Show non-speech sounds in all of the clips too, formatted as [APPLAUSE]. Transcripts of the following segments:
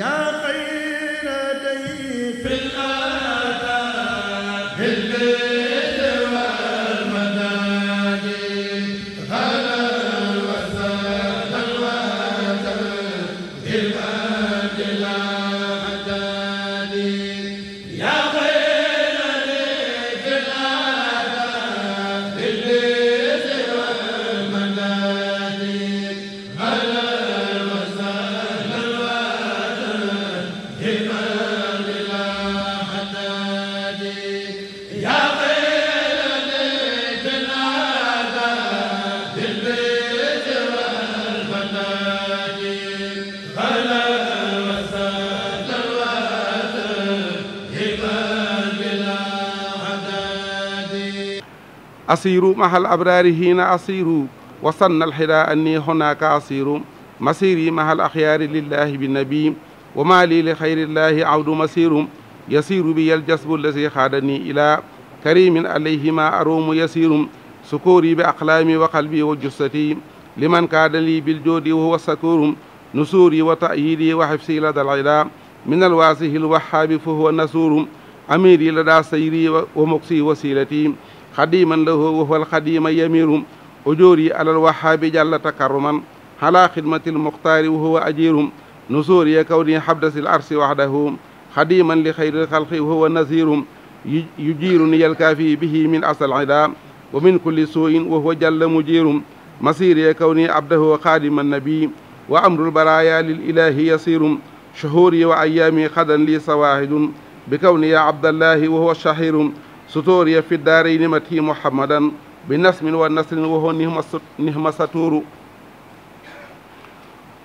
yaa asiru mahal abraari hiina asiru wa sannal xidaa anni honaaka asiru masiri mahal axyaari lillahi bi nabi wa maa lii li xayrillahi awdu masiru yasiru bi yal jasbu lasi xaadani ilaa karimin alayhima arumu yasiru sukuuri bi aqlaami wa qalbi wa jussati liman kaada lii bil joodi wa huwa sakuru nusuuri wa ta'yiidi wa xifsi ladal ilaa min alwaasihi alwahaabi fa huwa nasuuru amiiri ladaa sayri wa muksi wasiilati xadiman lahu wa huwa alxadima yamirum ujoori alal wahaabi jàlla takarruman ala xidmati almuxtaari wa huwa ajirum nusuuri ya kawni habdasil arsi waxdahu xadiman li xayri xalqi wa huwa nasirum yujiruni yalkaafi bihi min asal ida wa min kulli suuin wa huwa jàlla mujirum masiiri ya kawni abdahu xaadima nabi wa amrul baraaya lil ilahi yasirum shuhuuri wa ayaami xadan li sawaahidum bi kawni ya abdallahi wa huwa shahirum ستوري في الدارين متي محمدا بنسم ونسر وهو نهمة ستور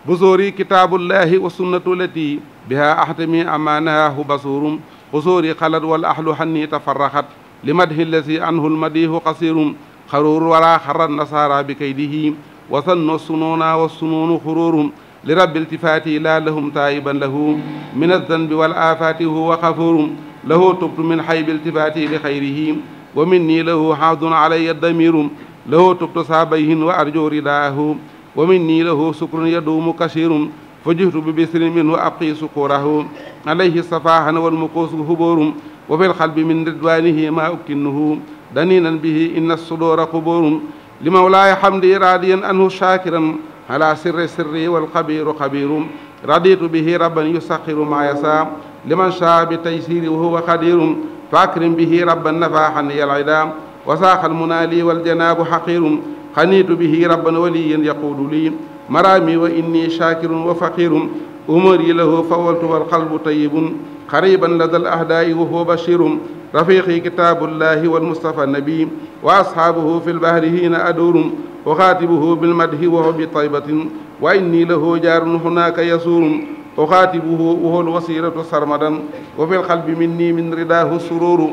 بزوري كتاب الله والسنة التي بها أحتمي أمانها بصور قصوري قلد والأحل حني تفرخت لمده الذي عنه المديه قصير خرور ولا خر النصارى بكيده وثنوا السنون والسنون خرور لرب التفات إلى لهم تائبا له من الذنب والآفات هو غفور lahu tubtu min xaybi iltifaati li xayrihim wa min nii lahu xaadun alaya damirum lahu tubtu saabayhin wa arjo ridaahum wa min nii lahu sukrun yaduumu kasirum fa jihtu bi bisrin minhu abqii sukurahu alayhi safahan walmukuusu huborum wa fi lxalbi min ridwanihi ma uktinnuhu daninan bihi inna sudoora quborum li mawlaaya xamdi raadiyan anhu shaakiran ala sirri sirri walxabiru xabirum raditu bihi rabban yusaxiru maa yasa liman shaa bi taysiri wa huwa xadirum fa akrim bihi rabban nafaaxan yalida wa saaxal munaali waljanaabu xaqirum xaniitu bihi rabban waliyan yaquulu lii maraami wa inni shaakirun wa faqirum umari lahu fawaltu walqalbu tayibun xariban lada alahdaai wa huwa bashirum rafiqi kitaabullahi walmustafa nabi wa ashaabuhu fi lbahri hiina adurum wa xaatibuhu bilmadhi wa huwa bi taybatin وإني له جار هناك يسور أخاتبه وهو الوسيلة سرمدا وفي القلب مني من رداه السرور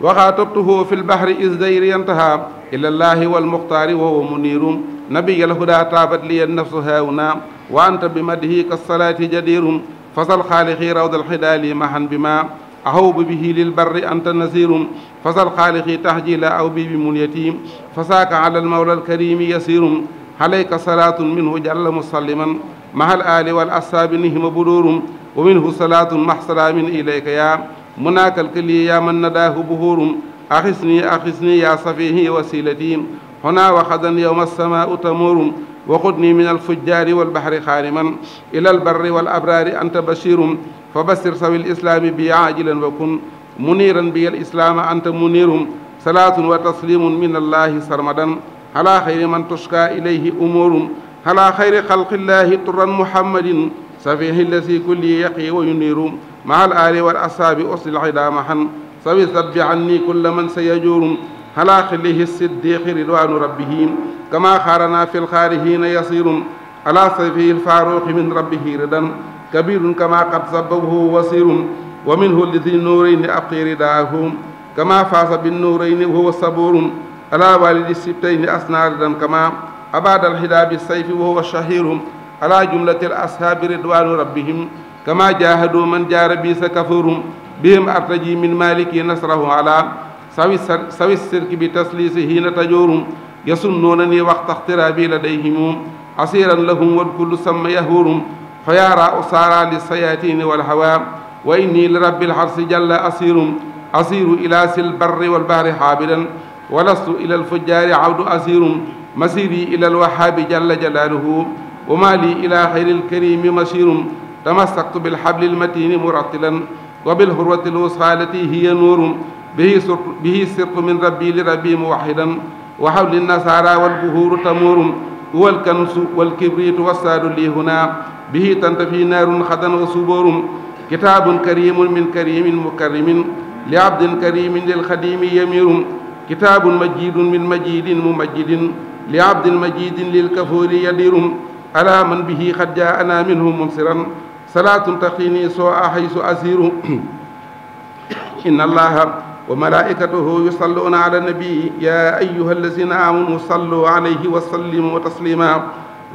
وخاطبته في البحر إذ ديري انتهى إلى الله والمختار وهو منير نبي الهدى تابت لي النفس هاونا وأنت بمده كالصلاة جدير فصل خالقي روض الحلال محا بما أهوب به للبر أنت نسير fasal xaalixi tahjila aw bi bi mul yatim fasaaka ala al mawla al karimi yasirum alayka salaatun minhu jalla musalliman mahal ali wal asaabi nihima budurum wa minhu salaatun mahsalaamin ilayka yaa munaakal kali yaa man nadaahu buhurum axisni axisni yaa safihi wasilati hona wa xadan yowma alsamaau tamurum wa xudni min alfujjaari walbahri xaaliman ila albarri wal abraari anta bashirum fa bassir sawi lislaami bi aajilan wa kun muniiran bi al islaama anta muniirum salaatun wa taslimun min allahi sarmadan ala xayri man tushka ilayhi umurum ala xayri xalqillahi turan muhammadin safihi lasi kulli yaqi wa yuniiru maa al aali wal asaabi uslil xidaamahan sawi sabbi anni kulla man sayajurum ala xillihi siddiqi ridwaanu rabbihim kama xaarana fi lxaarihiina yasirum ala safihi lfaaruqi min rabbihi ridan kabirun kama qad sababahu wasirun wa minhu lidi nuurayni abqi ridaahum kama faasa bin nuurayni wa huwa saburum ala walidi sibtayni asnaaridan kama abada alhidaa bi sayfi wa huwa shahirum ala jumlati al ashaabi ridwanu rabbihim kama jahadu man jaara bi sa kafarum bihim artaji min maliki nasrahu ala sawi sawi sirki bi taslisi hiina tajoorum yasunnuunani waqta ixtiraabi ladayhim asiran lahum wal kullu samma yahurum fayaara usaara lisayatini walhawa wa inni li rabbil xarsi jalla asirum asiru ila sil barri wal bahri xaabiran wa lastu ila alfujjaari awdu asirum masiri ila alwahaabi jalla jalaaluhu wa ma li ila xayri alkarimi masirum tamassaktu bilxabli almatini murattilan wa bilxurwati alwusfa lati hiya nuurum bihi surtu bihi sirtu min rabbi li rabbi muwaxidan wa xawli nasaara walbuhuuru tamuurum huwa alkansu walkibriitu wassaadu li huna bihi tantafi naarun xadan wa suboorum kitaabun kariimun min kariimin mukarimin li abdin kariimin lil xadiimi yamirum kitaabun majiidun min majiidin mumajjidin li abdin majiidin lil kafuuri yadirum alaa man bihi xad jaa ana minhu mumsiran salaatun taxini soo a xaysu asiru inna allaha wa malaa'ikatahu yusalluuna ala nabii yaa ayyuha allazina aamanu sallu alayhi wa sallimu taslima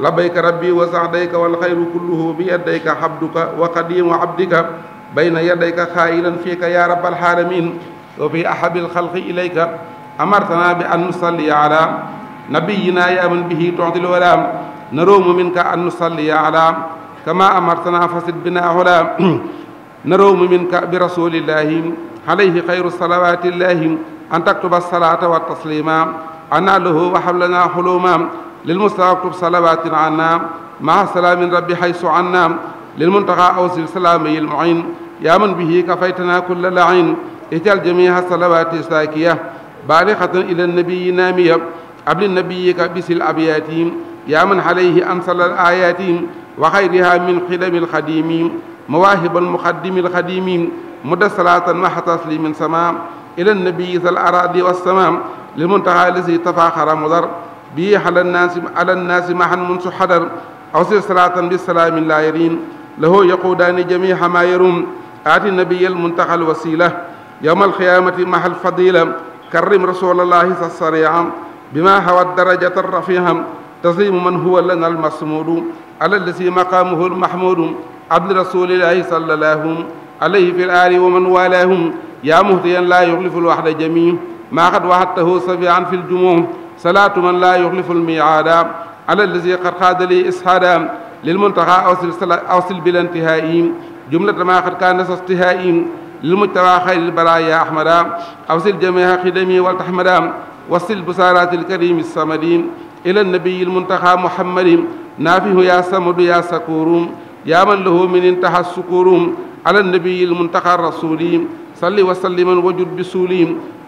labayka rabbi wa saxdayka wal xayru kulluhu bi yaddayka xabduka wa qadiimu abdika bayna yaddayka xaayilan fiika yaa rabbal xaalamiin wa fi ahabil xalqi ilayka amartana bi an nusalliya ala nabiyina yaaman bihi tuxdil walaam naroomu minka an nusalliya ala kama amartana fasid bina hola [CLEARS THROAT] naroomu minka bi rasulillahi alayhi xayru salawatillahi an taktuba salata wa taslima ana lahu wa hablana xuluma للمستغاب تب صلوات عنام مع سلام ربي حيث عنام للمنتقى أوصل سلامي المعين يا من به كفيتنا كل لعين اجعل جميع الصلوات الساكية بالغة إلى النبي نامية قبل نبيك بس الأبيات يا من عليه أنصل الآيات وخيرها من قدم الخديم مواهب المقدم الخديم مد صلاة مع تسليم سمام إلى النبي ذا الأراضي والسمام للمنتهى الذي تفاخر مضر bii ala naasi ala naasi mahan mun su xadar aw sir salaatan bi salaamin laa yarin lahoo yaquudaani jamiha maa yarum aati nabiyal muntaha al wasila yowma alqiyaamati maha alfadila karrim rasulallahi sa sariha bima hawa darajata rafiha taslimu man huwa lana almasmuudu ala allasi maqaamuhu almahmuudu abdi rasulillahi sallallahu alayhi fi aali wa man walaahum yaa muhtiyan laa yuxlifu alwaxda jamii maa xad waxatahu safian fi ljumuh salaatu man laa yuxlifu lmiaada ala allazi qad xaadali ishaada lilmuntaxa awsil awsil bil intihaayi jumlata ma qad kaana sastihaayi lilmujtaba xayril baraaya ahmada awsil jamiha xidami waltaxmada wasil busaaraati lkarimi samadi ila nabiyi lmuntaxa muhammadi naafihu yaa samadu yaa sakuuru yaa man lahu min intaha sukuuru ala nabiyi lmuntaxa rasuli salli wa salliman wajud bi suuli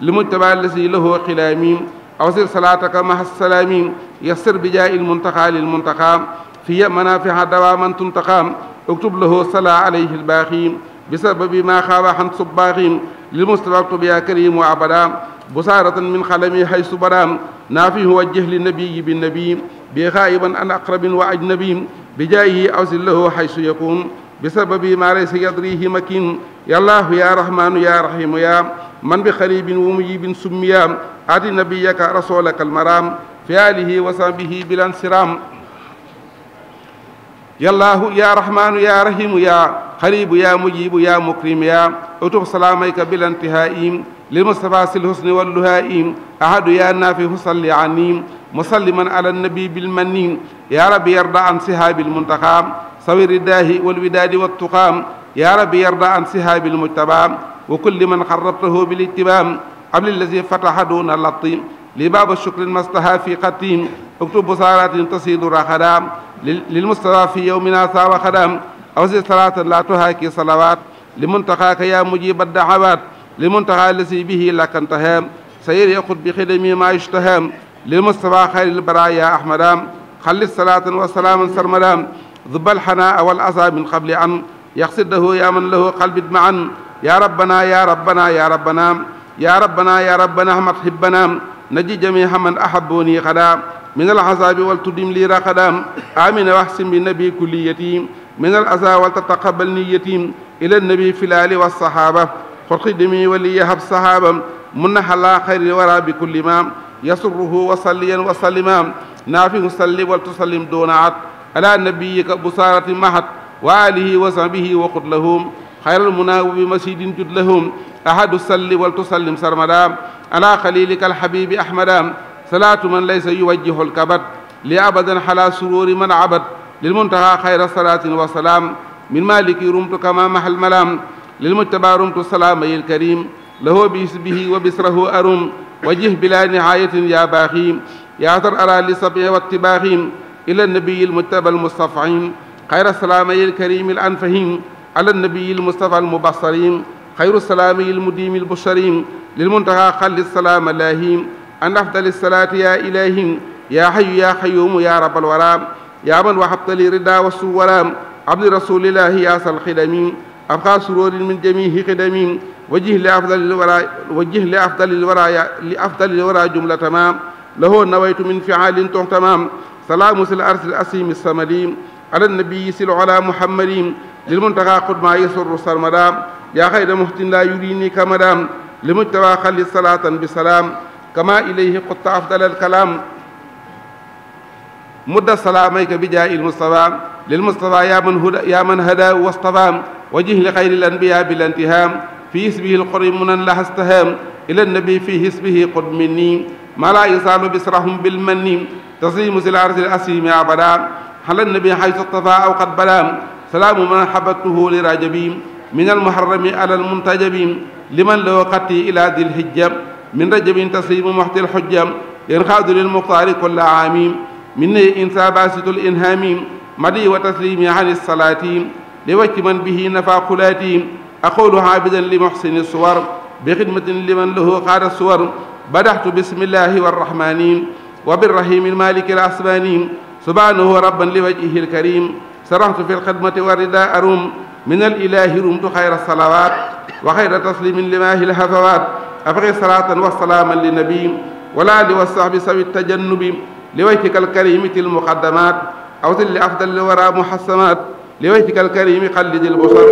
limujtaba allasi lahu xilaami awsir salaataka maha salaami yassir bijaa il muntaqa lil muntaqa fiya manafiha dawaaman tuntaqa uktub lahu sala alayhi lbaaxi bisababi maa xaaba xan subbaaxi lil mustafa tub yaa karim wa abada busaaratan min xalami haysu bada naafihu wajjih li nabiyi bi nabi bi xaayiban an aqrabin wa ajnabi bijaayihi awsir lahu haysu yakun bisababi maa laysa yadrihi makin yallaahu ya rahmaanu ya rahimu ya man bi xaribin wa mujibin summiya ati nabiyaka rasulaka almaram fi alihi wa sahbihi bilan siram yallaahu ya rahmaanu ya rahimu ya xaribu ya mujibu ya mukrim ya utub salaamayka bilan tihaim للمصطفى سل الحسن واللهائم أحد يا نافي صل عني مسلما على النبي بالمنين يا رب يرضى عن صحاب المنتقام سوي الرداه والوداد والتقام yaa rabbi yarda an sihaabil mujtaba wa kulli man xarrabtahu bil ittibaam abli lazi fataha duna latti li baaba shukrin mastaha fi xatim uktub busaaratin tasiidu raxadaam lil mustafa fi yowmina saawa xadaam awsi salaatan la tuhaaki salawaat li muntaxaaka yaa mujiba daxawaat li muntaxaa lasi bihi lakkantahaam sayir yaqut bi xidami ma yushtahaam lil mustafa xayril baraaya ahmadaam xallis salaatan wa salaaman sarmadaam dubal xanaa awal asa min qabli an yaxsir lahu yaa man lahu qalbit maan yaa rabbana yaa rabbana yaa rabbana yaa rabbana yaa rabbana ahmat hibbana naji jamiha man ahabbuni xada min alxasaabi wal tuddim lii raqada amina waxsin bi nabi kulliyati min al asa wal tataqabal niyati ila nabi filaali wasahaba xorxidimi wali yahab sahaba mun na xalaa xayri wara bi kulli ma yasurruhu wasalliyan wasallima naafi musalli wal tusallim doonaat ala nabiyika busaarati mahat wa alihi wa sahbihi wa qut lahum xayral muna bi masidin jud lahum ahadu salli wal tusallim sarmada ala xalilika alhabibi ahmada salaatu man laysa yuwajjihu alkabat li abadan xala sururi man abad lilmuntaha xayra salaatin wa salaam min maliki rumtu kama mahal malam lilmujtaba rumtu salaamayil karim lahu bisbihi wa bisrahu arum wajih bila nihayatin ya baaxi ya tar ara li sabi wa ittibaaxi ila nabiyil mujtaba almustafahim xayra salaamay alkarimi al anfahim ala nabiyi almustafa almubassarim xayru salaamay almudimi albusharim lilmuntaha xalli salaama laahim an afdali salaati yaa ilaahim yaa xayu yaa xayuumu yaa rabal waraam yaa man waxabtali ridaa wasu waraam abdi rasulillahi yaa sal xidami abqa suróorin min jamihi xidami wajih li afdali lwara wajih li afdali lwara li afdali lwara jumla tamaam lahoo nawaytu min fiaalin tox tamaam salaamu sil arsil asimi samadi على النبي صل على محمد للمنتقى قد ما يسر سرمدا يا خير مهت لا يريني كمدا لمجتبى خلي صلاة بسلام كما إليه قد أفضل الكلام مد سلاميك بجاء المصطفى للمصطفى يا من هدى يا من هدى واصطفى وجه لخير الأنبياء بالانتهام في اسمه القرب منا لها استهام إلى النبي في اسمه قد مني ما لا يزال بسرهم بالمن تسليم ذي العرش الأسيم أبدا xala nabi xaytu stafa aw qad balaam salaamu man xabatuhu li rajabim min almuharami ala almuntajabim liman loo xatti ila dil hijja min rajabin taslimu moxtil xujja yen xaadu lil muxtaari kulla aamim min ne insa basitul inhamim madi wa taslimi an salaati li wàcci man bihi nafa xulaati aqulu xaabidan li moxsini suwar bi xidmatin liman lahu xaada suwar badaxtu bismillahi warrahmani wa birrahimi maliki al asmani subhanahu rabban li wajhihi alkarim sarahtu fi alxidmati wa rida arum min alilahi rumtu xayra salawat wa xayra taslimin limahi lhafawat abri salatan wa salaaman li nabi wala li wa sahbi sawi tajannubi li wajhika alkarimi til muqaddamat awsil li afdal wara muhassamat li wajhika alkarimi xallidi lbusar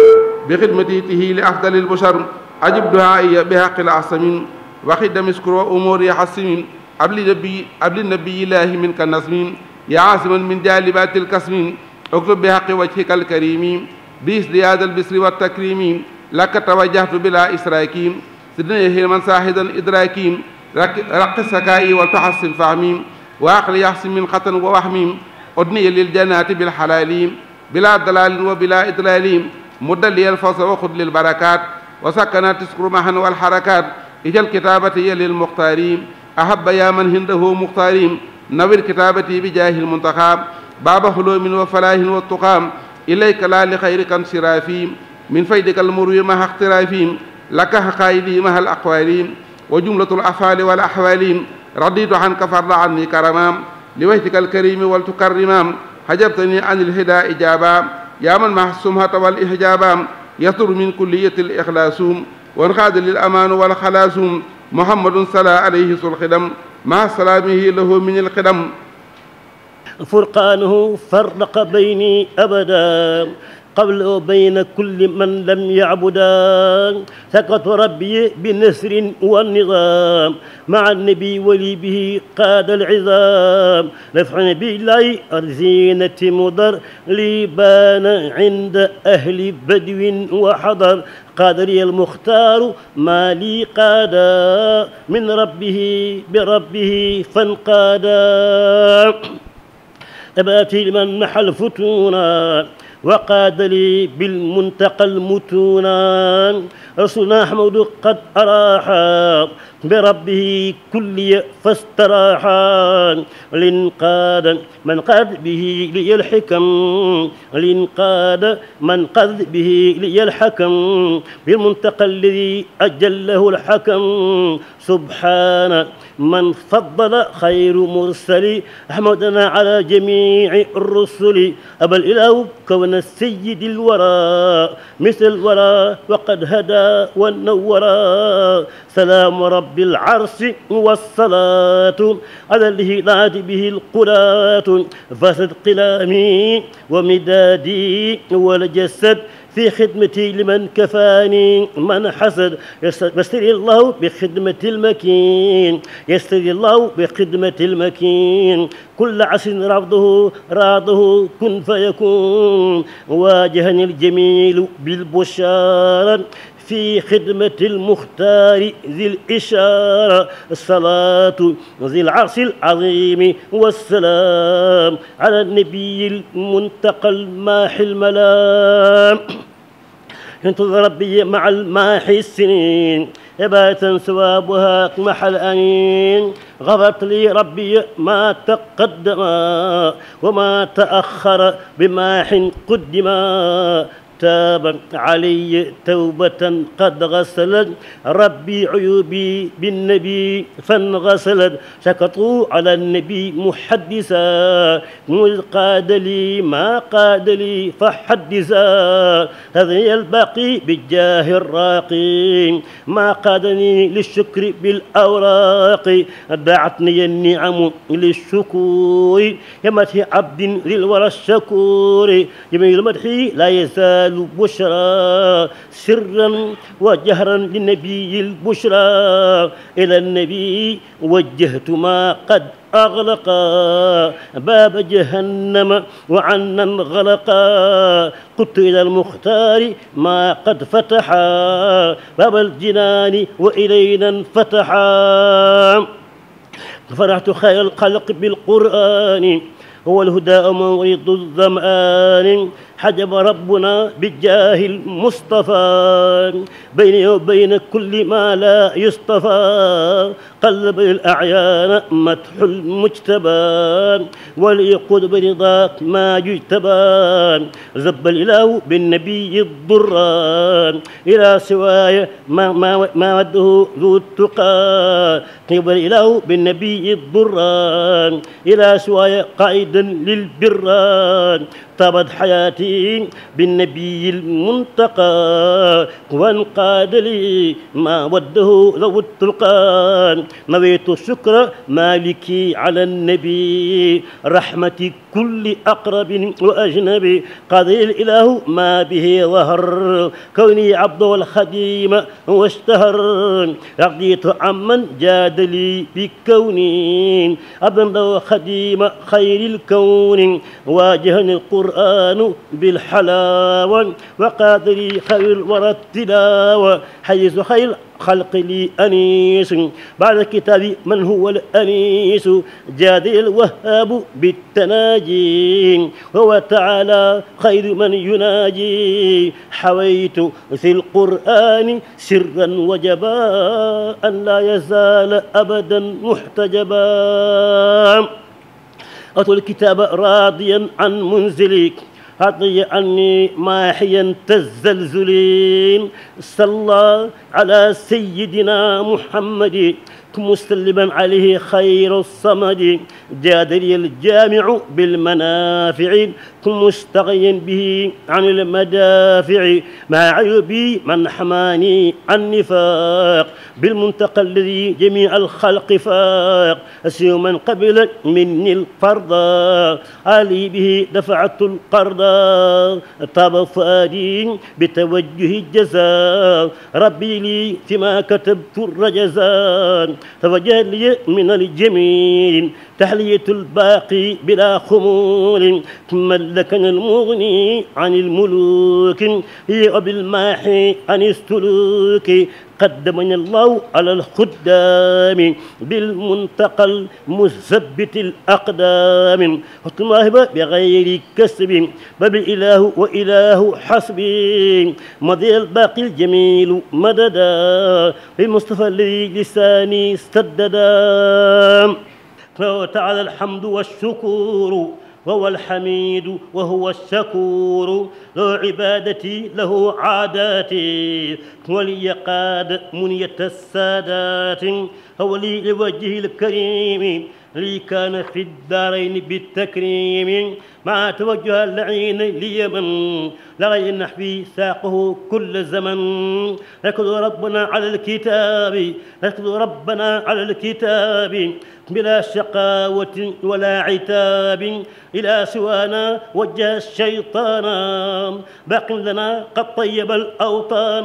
bi xidmati tihi li afdali lbushar ajib duhaiya bi haqil asamin wa xidami skur wa umuri hasimin abli nabi abli nabi ilahi minka nasmin يا عاصما من جالبات الكسم اكتب بحق وجهك الكريم بازدياد البسر والتكريم لك توجهت بلا إسراك سدنا يهيما ساحدا إدراكيم رق السكائي والتحسن فهميم وعقل يحسن من خطن ووهميم أدني للجنات بالحلاليم بلا ضلال وبلا إضلال مد لي الفوز وخذ للبركات وسكنت تسكر معا والحركات إجا الكتابة للمختارين أحب يا من هنده مختارين nawir kitaabati bi jaahil muntaxaam baaba xuloomin wa falaahin wa tuqaam ilayka laa li xayri kan siraafiim min faydika almurwi maha ixtiraafiim laka xaqaayidi maha al aqwaaliim wa jumlatul afaali wal axwaaliim raditu anka farda anni karamaam li wajhika alkarimi wal tukarrimaam hajabtani an ilhidaa ijaabaam yaa man maha sumhata wal ihjaabaam yatur min kulliyati al ixlaasuum wan xaada lil amaanu wal xalaasuum muhammadun sala alayhi sulxidam maa salaamihi lahu min alqidam furqaanuhu farraqa bayni abada قبل وبين كل من لم يعبدا سكت ربي بنسر والنظام مع النبي ولي به قاد العظام نفع نبي الله أرزينة مضر لي بان عند أهل بدو وحضر قادري المختار ما لي قادا من ربه بربه فانقادا أباتي لمن محل فتونا وقاد لي بالمنتقى المتونا رسولنا أحمد قد أراحا بربه كلي فاستراحا لانقاد من قد به ليلحكم لانقاد من قد به ليلحكم بالمنتقى الذي أجله الحكم سبحان من فضل خير مرسل أحمدنا على جميع الرسل أبا الإله كون السيد الورى مثل الورى وقد هدى ونورا سلام رب العرش والصلاة على الهلاد به القراة فسد قلامي ومدادي والجسد في خدمتي لمن كفاني من حسد يستري الله بخدمة المكين يستري الله بخدمة المكين كل عسل رفضه راضه كن فيكون واجهني الجميل بالبشارة في خدمة المختار ذي الإشارة الصلاة ذي العرش العظيم والسلام على النبي المنتقى الماحي الملام ينتظر ربي مع الماحي السنين إباتا ثوابها محل أنين غفرت لي ربي ما تقدم وما تأخر بماح قدما تاب علي توبة قد غسلت ربي عيوبي بالنبي فانغسلت شكطوا على النبي محدثا مذ قاد لي ما قاد لي فحدثا هذا الباقي بالجاه الراقي ما قادني للشكر بالأوراق دعتني النعم للشكور يمدح عبد للورى الشكور جميل المدح لا يزال الهلال بشرى سرا وجهرا للنبي البشرى إلى النبي وجهت ما قد أغلقا باب جهنم وعنا انغلقا قدت إلى المختار ما قد فتحا باب الجنان وإلينا انفتحا فرحت خير الخلق بالقرآن هو الهدى ومورد الظمآن حجب ربنا بالجاه المصطفى بيني وبين كل ما لا يصطفى قلب الأعيان مدح المجتبان وليقود برضاك ما يجتبان زب الإله بالنبي الضران إلى سواي ما, ما, ما وده ذو التقى طيب الإله بالنبي الضران إلى سواي قائدا للبران طابت حياتي بالنبي المنتقى وانقاد لي ما وده ذو التلقان naweytu sukra maliki ala nabi rahmatik kulli aqrabin wa ajnabi qadil ilahu ma bihi dahar kawni abdo walxadima washtahar raditu amman jaadali bi kawni abdan law xadima xayril kawni waajahani alquranu bilxalawa wa qaadali xayril wara tilawa xayisu xayril xalq li anis baada kitaabi man huwa al anis jaadali alwahaabu bittanaa ناجي وهو تعالى خير من يناجي حويت في القرآن سرا وجبا أن لا يزال أبدا محتجبا أتوا الكتاب راضيا عن منزلك عطي عني ماحيا تزلزلين صلى على سيدنا محمد مسلما عليه خير الصمد جاد لي الجامع بالمنافع مستغيا به عن المدافع مع عيوبي من حماني عن نفاق بالمنتقى الذي جميع الخلق فاق أسير من قبل مني الفرض علي به دفعت القرض طاب فؤادي بتوجه الجزاء ربي لي فيما كتبت الرجزان فوجعل من الجميل تحلية الباقي بلا خمول ملكنا المغني عن الملوك وبالماحي عن السلوك قدمني الله على الخدام بالمنتقى المثبت الأقدام وتماهب بغير كسب بل إله وإله حسبي مضي الباقي الجميل مددا بمصطفى الذي لساني استددا فتعالى الحمد والشكور وهو الحميد وهو الشكور له عبادتي له عاداتي ولي قاد منية السادات هو لي لوجهه الكريم لي كان في الدارين بالتكريم مع توجه اللعين ليمن لغي نحبي ساقه كل زمن نكد ربنا على الكتاب نكد ربنا على الكتاب بلا شقاوة ولا عتاب إلى سوانا وجه الشيطان باق لنا قد طيب الأوطان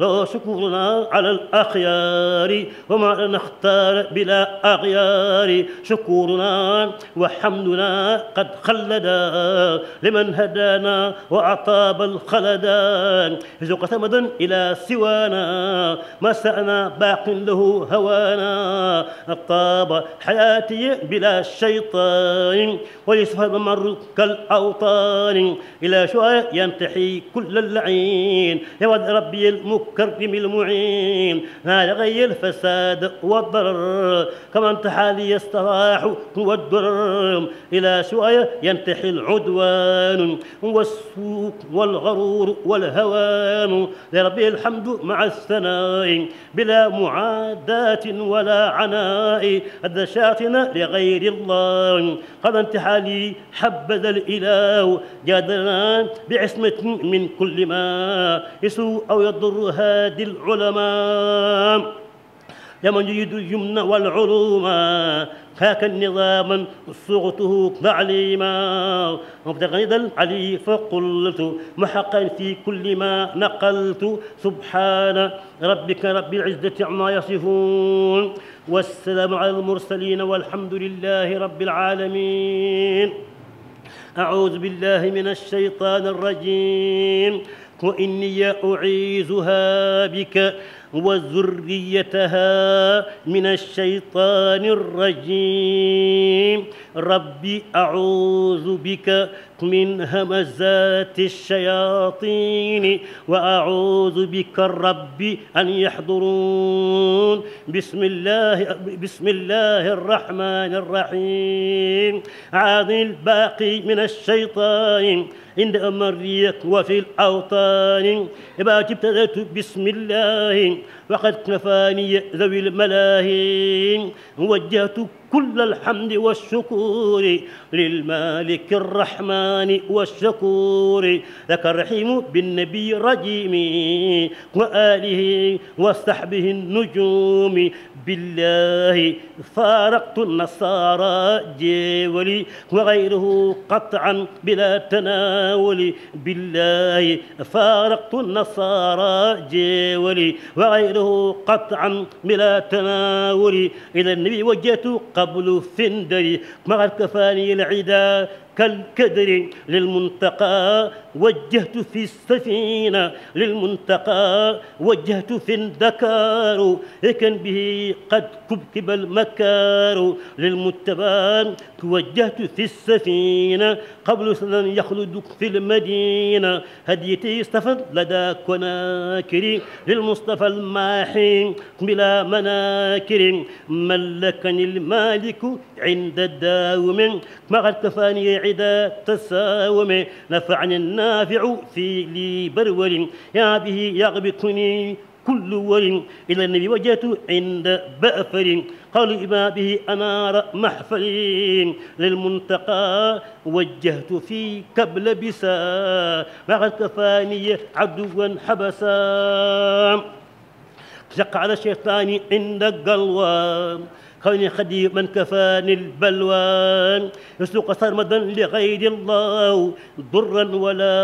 لو شكرنا على الأخيار وما نختار بلا أغيار شكرنا وحمدنا قد خلدا لمن هدانا وأعطى بل خلدا هزق ثمد إلى سوانا ما سأنا باق له هوانا طاب حياتي بلا شيطان وليس الممر كالأوطان إلى شعاع ينتحي كل اللعين يا ود ربي المكرم المعين لا يغير الفساد والضرر كما انتحى لي الصلاح والدرر إلى شعاع ينتحي العدوان والسوء والغرور والهوان لربه الحمد مع الثناء بلا معاداة ولا عناء أدى شاتنا لغير الله قد انتحالي حبذا الإله جادنا بعصمة من كل ما يسوء أو يضر هادي العلماء يمجيد اليمن والعلوم خاك نظاما صغته تعليما مبتغي ذا العلي فقلت محقا في كل ما نقلت سبحان ربك رب العزة عما يصفون والسلام على المرسلين والحمد لله رب العالمين أعوذ بالله من الشيطان الرجيم وإني أعيذها بك وذريتها من الشيطان الرجيم رب أعوذ بك من همزات الشياطين وأعوذ بك الرب أن يحضرون بسم الله بسم الله الرحمن الرحيم عاد الباقي من الشيطان عند أمريك وفي الأوطان إذا ابتدأت بسم الله وقد كفاني ذوي الملاهين وجهتك كل الحمد والشكور للمالك الرحمن والشكور ذاك الرحيم بالنبي الرجيم وآله وصحبه النجوم بالله فارقت النصارى جولي وغيره قطعا بلا تناول بالله فارقت النصارى جولي وغيره قطعا بلا تناول إلى النبي وجهت قبل فندري مع الكفاني العدا كالكدر للمنتقى وجهت في السفينة للمنتقى وجهت في الدكار لكن به قد كبكب المكار للمتبان توجهت في السفينة قبل سنة يخلدك في المدينة هديتي استفد لدى كناكري للمصطفى الماحي بلا مناكر ملكني المالك عند الداوم ما قد كفاني عدا تساوم نفعني الناس النافع في لي برول يا به يغبطني كل ور إلى النبي وجهت عند بأفر قالوا إما به أنار محفل للمنتقى وجهت في كبل بسا ما كفاني عدوا حبسا شق على الشيطان عند قلوى خير خدي من كفاني البلوان يسلق صرمدا لغير الله ضرا ولا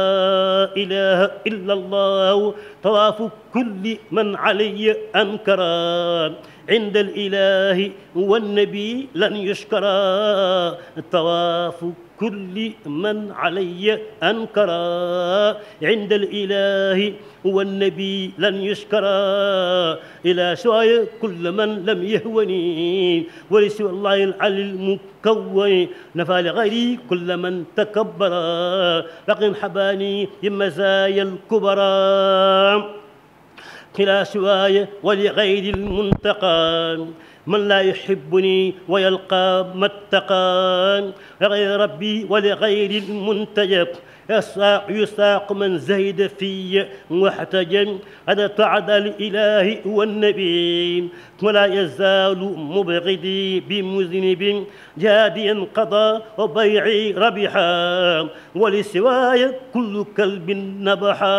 إله إلا الله طواف كل من علي أنكران عند الإله والنبي لن يشكرا طواف كل من علي أنكرا عند الإله والنبي لن يشكرا إلى سواي كل من لم يهوني ولسوى الله العلي المكون نفى لغيري كل من تكبرا لقن حباني بمزايا الكبرى إلى سواي ولغير المنتقى من لا يحبني ويلقى ما اتقى غير ربي ولغير المنتجب يساق من زهد في واحتجم هذا تعد الإله والنبي ولا يزال مبغدي بمذنب جاديا قضى وبيعي ربحا ولسواي كل كلب نبحا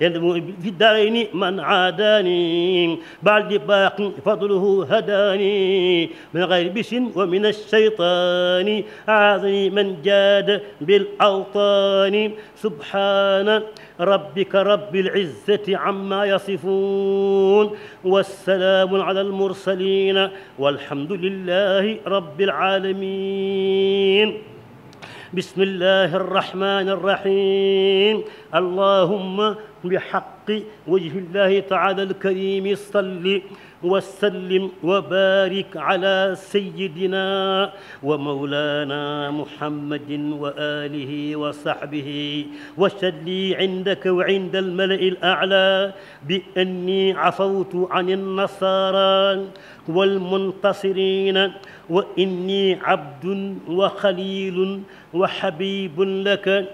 يندم في الدين من عاداني بعد باق فضله هداني من غير بش ومن الشيطان عاذني من جاد بالأوطان القرآن سبحان ربك رب العزة عما يصفون والسلام على المرسلين والحمد لله رب العالمين بسم الله الرحمن الرحيم اللهم بحق وجه الله تعالى الكريم صلِّ وسلم وبارك على سيدنا ومولانا محمد وآله وصحبه وشلي عندك وعند الملأ الأعلى بأني عفوت عن النصارى والمنتصرين وإني عبد وخليل وحبيب لك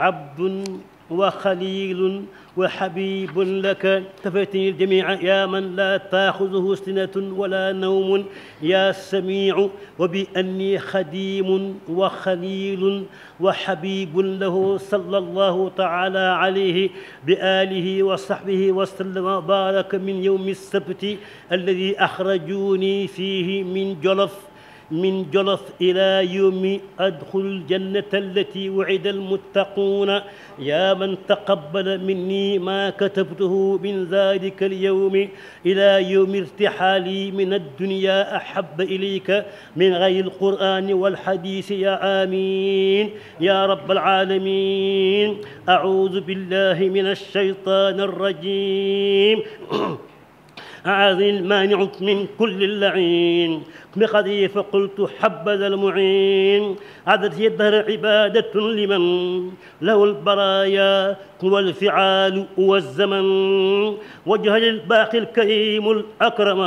عبد وخليل وحبيب لك تفتني الجميع يا من لا تاخذه سنة ولا نوم يا سميع وبأني خديم وخليل وحبيب له صلى الله تعالى عليه بآله وصحبه وسلم وبارك من يوم السبت الذي أخرجوني فيه من جلف min jolof ila yawmi adxulu ljannata allati wa'ida almuttaquuna yaa man taqabbala minni maa katabtuhu min zaalika alyawmi ila yawmi irtixaali min addunya ahabba ilayka min gayri alqur'aani walxadiisi yaa amiin yaa rabbal aalamiin a'uudu billahi mina shaytaani rajiim [CLEARS THROAT] أعذي المانع من كل اللعين بقضي فقلت حبذا المعين عذت يدهر عبادة لمن له البرايا قوى الفعال والزمن وجهل الباقي الكريم الأكرم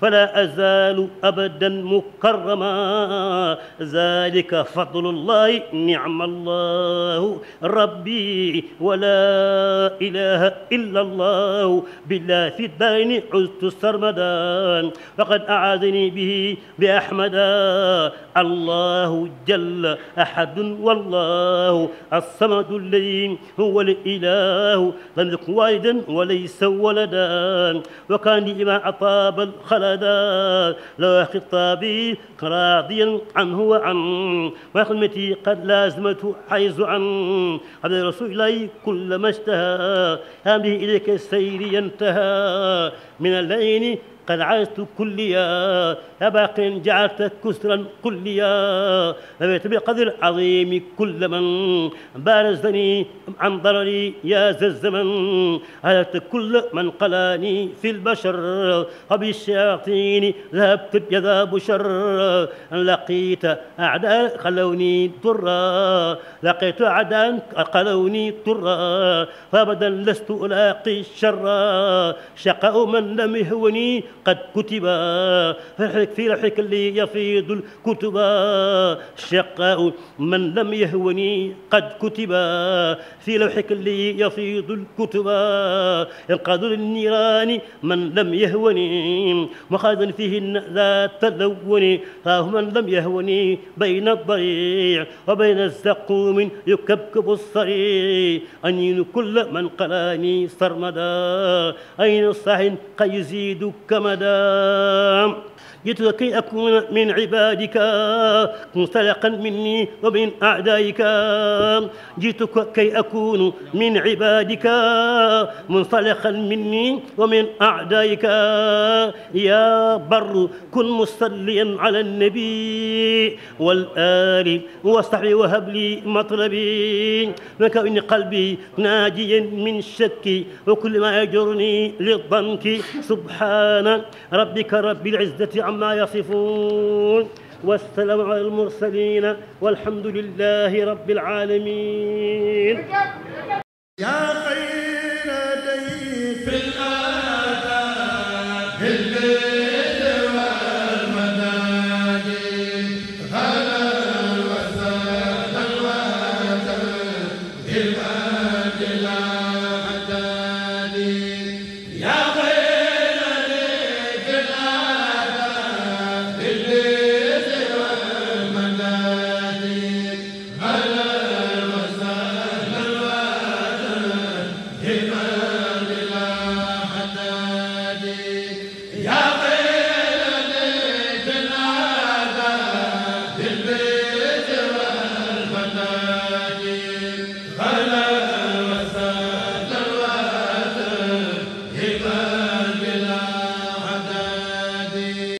فلا أزال أبدا مكرما ذلك فضل الله نعم الله ربي ولا إله إلا الله بالله في الدين عزت سرمدا فقد أعاذني به بأحمدا الله جل أحد والله الصمد الذي هو الإله لم يكن والدا وليس ولدا وكان لما أطاب الخلدا لا خطابي راضيا عنه وعن وخدمتي قد لازمت حيز عن قبل رسول الله كل ما اشتهى هامه إليك السير ينتهى من الليل قد عزت كليا يا باقيا جعلت كسرا كليا نبيت بقدر العظيم كل من بارزني عن ضرري يا ذا الزمن هلكت كل من قلاني في البشر وبالشياطين ذهبت بيذا بشر لقيت أعداء خلوني ترا لقيت أعداء قلوني ترا فأبدا لست ألاقي الشر شقاء من لم يهوني قد كتبا في لوحك اللي يفيض الكتبا الشقاء من لم يهوني قد كتبا في لوحك اللي يفيض الكتبا ينقاد للنيران من لم يهوني مخاذا فيهن لا تلوني ها من لم يهوني بين الضريع وبين الزقوم يكبكب الصريع أنين كل من قلاني سرمدا أين الصاح قد يزيد كما أحدا جئت كي أكون من عبادك منسلقا مني ومن أعدائك جئت كي أكون من عبادك منسلقا مني ومن أعدائك يا بر كن مصليا على النبي والآل وصحبه وهب لي مطلبي وكأن قلبي ناجيا من شكي وكل ما يجرني للضنك سبحان ربك رب العزة عما عما يصفون والسلام على المرسلين والحمد لله رب العالمين يا خير